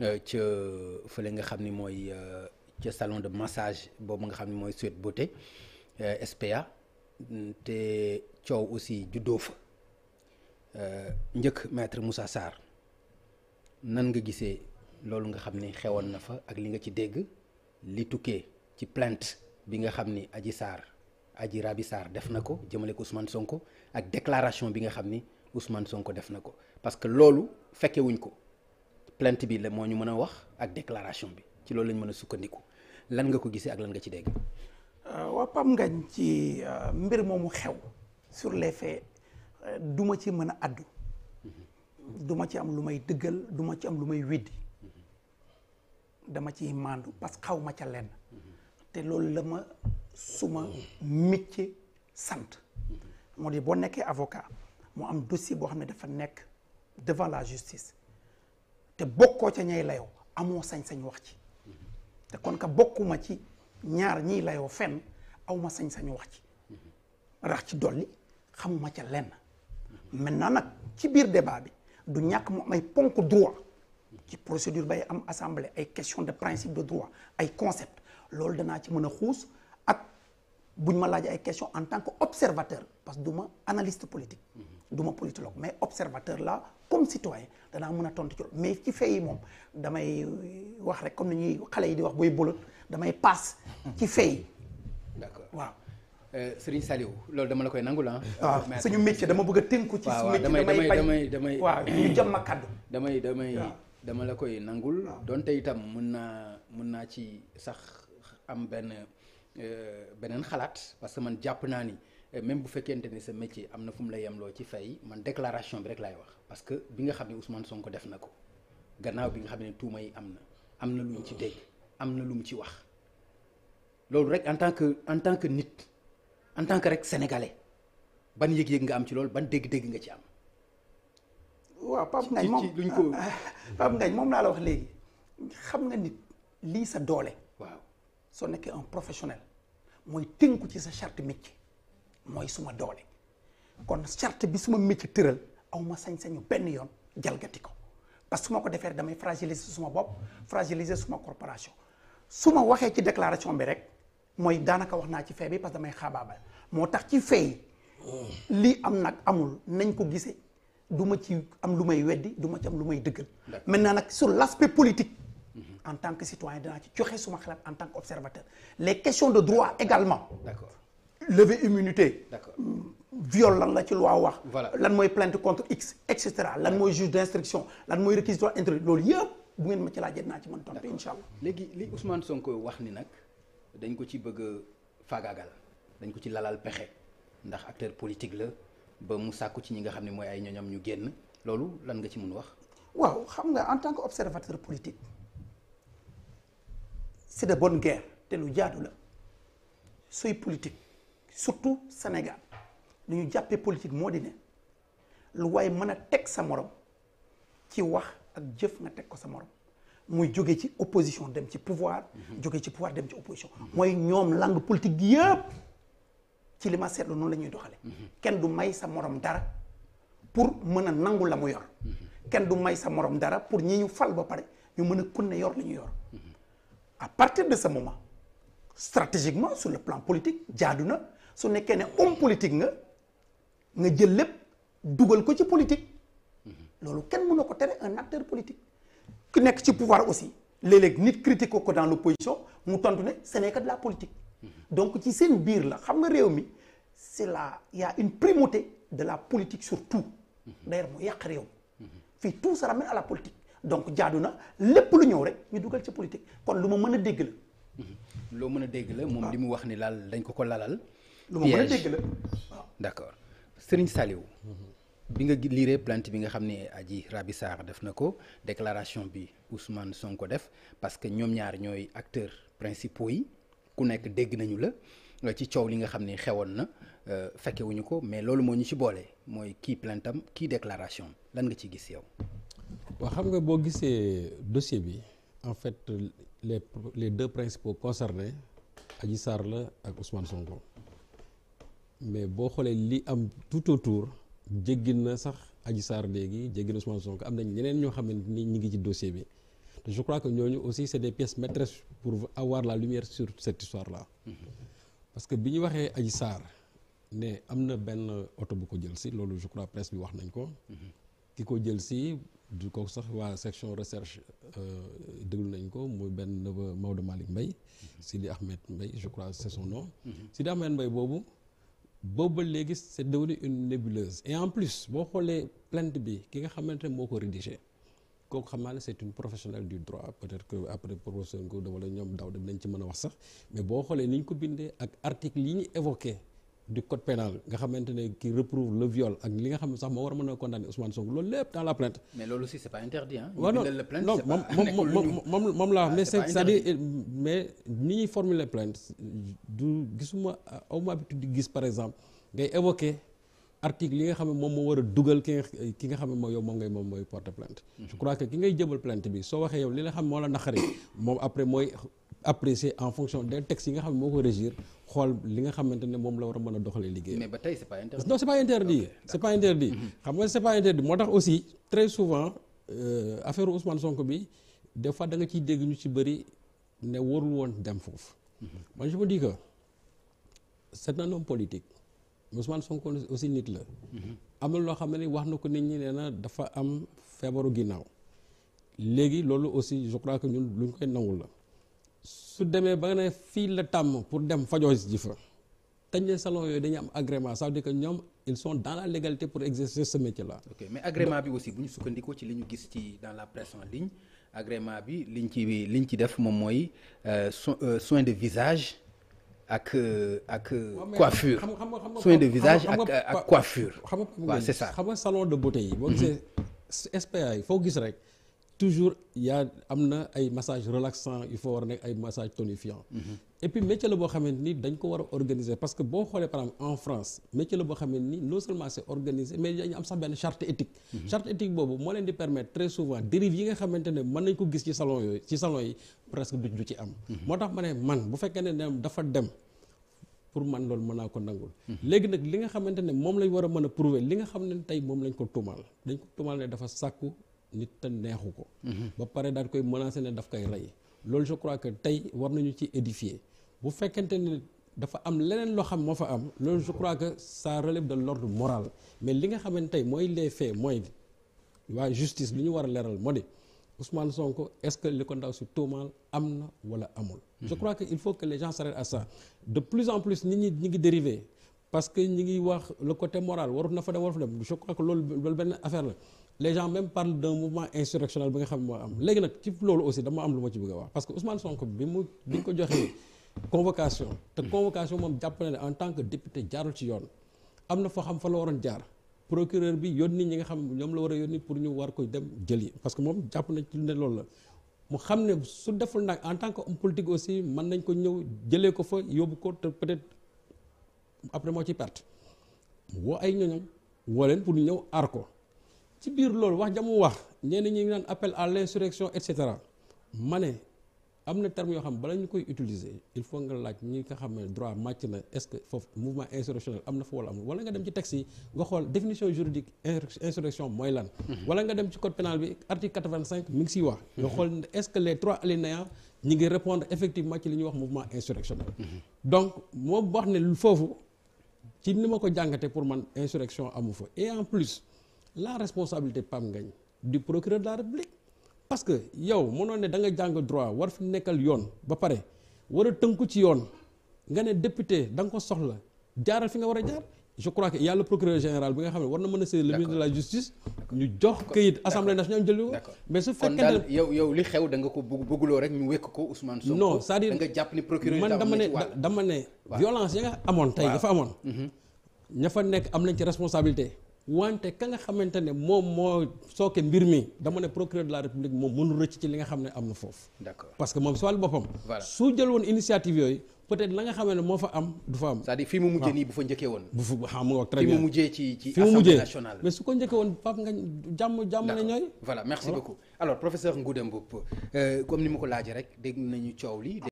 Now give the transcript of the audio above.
Euh, ca fële nga xam ni mooy euh, ca salon de massage boobu nga xam ni mooy Sweet Beauté euh, SPA te coow aussi juddoo fa njëkk maître Moussa saar nan nga gisee loolu nga xam ni xewoon na fa ak li nga ci dégg li tukkee ci plainte bi nga xam ni aji Sarr aji Rabi Sarr def na ko jëmale ko Ousmane Sonko ak déclaration bi nga xam ni Ousmane Sonko def na ko parce que loolu fekkewuñ ko. plainte bi la moo ñu mën a wax ak déclaration bi ci loolu lañ mën a sukkandiku lan nga ko gisee ak lan nga ci dégg. Euh, waa Pam Ngañ ci euh, mbir moomu xew sur les faits euh, duma ci mën a addu mhm. duma ci am lu may dëggal duma ci am lu may weddi mhm. dama ciy maandu parce que xaw ma ca lenn mhm. te loolu la ma suma métier sant moo di boo nekkee avocat mu am dossier boo xam ne dafa nekk devant la justice te bokkoo ca ñay layoo amoo sañ-sañ wax ci te kon ka bokkuma ci ñaar ñiy layoo fen awma sañ-sañu wax ci rax ci dolli xamuma ca lenn maintenant nag ci biir débat bi du ñàkk mu am ay ponk droit ci procédure bay am assemblée ay question de principe de droit ay concept loolu danaa ci mën a xuus ak buñ ma laaj ay question en tant que observateur parce que du ma analyste politique du ma politologue mais observateur la comme citoyen danaa mën a tontu ci mais ci fay yi moom damay wax rek comme ni ñuy xale yi di wax booy bële damay paas ci fay yi. d'accord waaw. Euh, Serigne Saliou loolu dama la koy nangul ah. waaw suñu métier dama bëgg a tënku. ci su damay damay damay damay waaw ñu damay damay dama la koy nangul. donte itam mën naa mën naa ci sax am benn euh, beneen xalaat parce que man jàpp naa ni. Euh, même bu fekkente ni sa métier am na fu mu la yemloo ci fay man déclaration bi rek laay wax parce que bi nga xam ne Ousmane Sonko def na ko gannaaw bi nga xam ne tuumay am na am na lu mu ci dégg am na lu mu wax loolu rek en tant que en tant que nit en tant que rek sénégalais ban yëg-yëg nga am ci loolu ban dégg-dégg nga ci am. waaw Pape Ngagne moom luñ ko moom laa la wax léegi xam nga nit lii sa doole. waaw soo nekkee un professionnel mooy tënku ci sa charte métier. mooy suma doole kon charte bi suma métier tëral awma sañ-sañu benn yoon jalgati ko parce que ma ko defee damay fragiliser suma bopp fragiliser suma corporation su ma waxee ci déclaration bi rek mooy daanaka wax naa ci fee bi parce que damay xaabaabal moo tax ci fee lii am nag amul nañ ko gisee du ma ci am lu may weddi du ma ci am lu may dëggal maintenant nag sur l'aspect politique en tant que citoyen dinaa ci joxe suma xalaat en tant qu'observateur les questions de droit également d'accord lever immunité. d'accord viol lan la ci loi wax. voilà lan mooy plainte contre x et cetera lan mooy juge d'instruction lan mooy réquisitoire introduit loolu yëpp bu ngeen ma ci laajee naa ci mën tontu incha allah. léegi li Ousmane Sonko wax ni nag dañ ko ci bëgg a faagaagal dañ ko ci lalal pexe ndax acteur politique la ba mu sàkku ci ñi nga xam ne mooy ay ñoñam ñu génn loolu lan nga ci mun wax. waaw xam nga en tant que observateur politique c'est de bonne guerre te lu jaadu la suy politique. surtout Sénégal lu ñu jàppee politique moo di ne lu waaye mën a teg sa morom ci wax ak jëf nga teg ko sa morom muy jóge ci opposition dem ci pouvoir mhm. jóge ci pouvoir dem ci opposition mooy ñoom langue politique gi yëpp ci li ma seetlu noonu la ñuy doxale mhm. kenn du may sa morom dara pour mën a nangu la mu yor mhm. kenn du may sa morom dara pour ñi ñu fal ba pare ñu mën a kunne yor la ñu yor à partir de sa moment stratégiquement sur le plan politique jaadu na su nekkee ne homme politique nga nga jël lépp dugal ko ci politique loolu kenn mën na ko tere un acteur politique ku nekk ci pouvoir aussi léeg-léeg nit critique ko dans l'opposition mu tontu ne ce n'est la politique donc ci seen biir la xam nga réew mi c'est la il y a une primauté de la politique sur tout d'ailleurs mu yàq réew fii tout sa ramène à la politique donc jaadu na lépp lu ñëw rek ñu dugal ci politique kon lu ma mën a dégg la loo mën a dégg la moom ah. li mu wax ni laal dañ ko ko lalal lu ma mën a dégg la waaw d' accord Serigne Saliou bi nga liiree plainte bi nga xam ne aji Raby Sarr def na ko déclaration bi Ousmane Sonko def parce que ñoom ñaar ñooy acteur principaux yi ku nekk dégg nañu la euh, ci coow li nga xam ne xewoon na euh, fekkewuñu ko mais loolu moo ñu ci boole mooy kii plaintam kii déclaration lan nga ci gis yow. waa xam nga boo gisee dossier bi en fait les les deux principaux concernés Adji Sarr la ak Ousmane Sonko. mais boo xoolee li am tout autour jéggi na sax Adji Sarr léegi jéggi na Ousmane Sonko am nañ ñeneen ñoo xamante ni ñu ngi ci dossier bi te je crois que ñooñu aussi c'est des pièces maîtresses pour avoir la lumière sur cette histoire là. Mm-hmm. parce que bi ñu waxee Adji saar ne am na benn oto bu ko jël si loolu je crois presse bi wax nañ ko. Mm-hmm. ki ko jël si du ko sax waa section recherche euh, déglu nañ ko muy benn Maodo Malick Mbaye mm-hmm. Sidi Ahmed Mbaye je crois c'est son nom. Sidi booba léegi c'est devenu une nébuleuse et en plus boo xoolee plainte bi ki nga xamante ne moo ko rédigé kooku xam naa ne c'est une professionnelle du droit peut-être que après professeur Ngouda wala ñoom daw dinañ ci mën a wax sax mais boo xoolee ni ñu ko bindee ak article yi ñu évoqué du code pénal nga xamante ne qui reprouve le ak li nga xam ne sax moo war a mën a condamner Ousmane Sonko loolu lépp dans la mais loolu aussi c'est moom moom moom moom la ni ñuy formuler plainte du ma habitude di gis par exemple ngay évoquer article yi moom moo war dugal ki nga ki nga xam ne mooy yow moom ngay mooy porter plainte. Mhm. je que ki ngay jëbal plainte bi soo waxee yow li la xam moo la naqari moom après mooy apprécier en fonction des textes yi nga xam ne moo ko régir xool li nga xamante ne moom la war a mën a doxalee liggéey. mais ba tey c'est pas interdit. non c'est pas interdit mm-hmm. xam nga c'est pas interdit moo tax aussi très souvent euh, affaire Ousmane Sonko bi des fois da nga ciy dégg ñu ci bëri ne warul woon dem foofu. man mm-hmm. je me dis que c'est un homme politique Ousmane Sonko aussi nit la. Mm-hmm. am na loo xam ne wax na ko nit ñi nee na dafa am feebaru ginnaaw léegi loolu aussi je crois que ñun luñ koy nangul la. su demee ba nga ne fii la tàmm pour dem fajoo ji fa dañ ne salon yooyu dañuy am agrément ça veut dire ñoom ils son dans la légalité pour exercer ce métier là. ok mais agrément bi aussi bu ñu sukkandikoo ci li ñu gis ci dans la presse en ligne agrément bi liñ ci liñ ci def moom mooy euh, euh, soin de visage ak euh, ak. coiffure soin de visage ak ak coiffure. xam nga waaw c'est ça xam nga salon de beauté yi. boo mhm. gisee SPA yi foo gis rek. toujours y am na ay massage relaxant il faut war a nekk ay massage tonifiant mhm. et puis métier la boo xamante ni dañ ko war a organiser parce que boo xoolee par exemple en France métier la boo xamante ni non seulement c'est organisé mais dañu am sax benn charte éthique mhm. charte éthique moo leen di permettre très souvent dérive yi nga xamante ne mën nañ ko gis ci salon yooyu ci salon yi presque du du ci am mhm. moo tax ma ne man bu fekkee ne dafa dem pour man loolu mën naa ko nangul léegi nag li nga xamante ne moom lañ war a mën a prouver li nga xam ne tey moom lañ ko tuumaal dañ ko tuumaal ne dafa nit te neexu ko mhm. ba pare daal koy menacé ne daf koy rey loolu je crois que tey war nañu ci édifier bu fekkente ne dafa am leneen loo xam moo fa am loolu je crois que ça relève de l'ordre moral mais li nga xamante tey mooy les faits mooy waa justice li ñu war a leeral moo di Ousmane Sonko est-ce que li ko ndaw si tuumaal am na wala amul je mhm. crois que il faut que les gens s'arrêtent à ça de plus en plus nit ñi ñi ngi dérivé parce que ñi ngi wax le côté moral waru na fa dem waru fa dem benn affaire la les gens même parlent d'un mouvement insurrectionnel bi nga xam moo am léegi nag ci loolu aussi dama am lu ma ci bëgg a wax parce que Ousmane Sonko bi mu bi ko joxee convocation te convocation moom jàpp na ne en tant que député jaarul ci yoon am na foo xam fa la waroon jaar procureur bi yoon yónni ñi nga xam ñoom la war a yónni pour ñu war ko dem jëli parce que moom jàpp na ne loolu la mu xam ne su deful nag en tant que homme politique aussi mën nañ ko ñëw jëlee ko fa yóbbu ko peut-être après moo ci perte woo ay ñoñam woo leen pour ñëw aar ko ci biir loolu wax jamu wax ñenn ñi ngi naan appel à l'insurrection et cetera ma ne am na terme yoo xam bala ñu koy utiliser il faut nga laaj ñi nga xam ne droit màcc na est-ce que foofu mouvement insurrectionnel am na fa wala wala nga dem ci texte yi nga xool définition juridique insurrection mooy lan. wala nga dem ci code pénal bi article quatre-vingt-cinq mi ngi siy wax. nga xool est-ce que les trois alinéas ñi ngi répondre effectivement ci li ñuy wax mouvement insurrectionnel. donc moom wax ne foofu ci ni ma ko jàngatee pour man insurrection amu fa et la responsabilité Pam ngañ di procureur de la République parce que yow mënoon ne da nga jàng droit war fi nekkal yoon ba pare war a tënku ci yoon nga ne député da nga ko soxla jaaral fi nga war a jaar je crois que y a le procureur général bi nga xam ne war na mën a seet le ministre de la justice ñu jox këyit assemblée nationale mais su fekkee daal yow yow li xew da nga ko bëgg bëgguloo rek ñu wekk ko Ousmane Sonko non cest nga jàpp ni procureur man dama ne dama ne violence ya nga amoon tey dafa amoon mhm. ña fa nekk am nañ ci responsabilité wante ka nga xamante ne moom moo sooke mbir mi dama ne procureur de la république moom mënul rëcc ci li nga xam ne am na foofu. d'accord que moom si wàllu boppam. voilà su jël woon initiative yooyu. peut-être la nga xam moo fa am du fa am. cest mu mujjee ah. nii bu fa njëkkee woon. bu fa ah, xam nga très bien fii mu mujjee ci ci assemblée nationale. mais su ko njëkkee woon Pape nga jàmm jàmm na ñooy. voilà merci beaucoup alors professeur Ngouda Mboup euh, comme ni ma ko laajee rek dégg nañu coow li.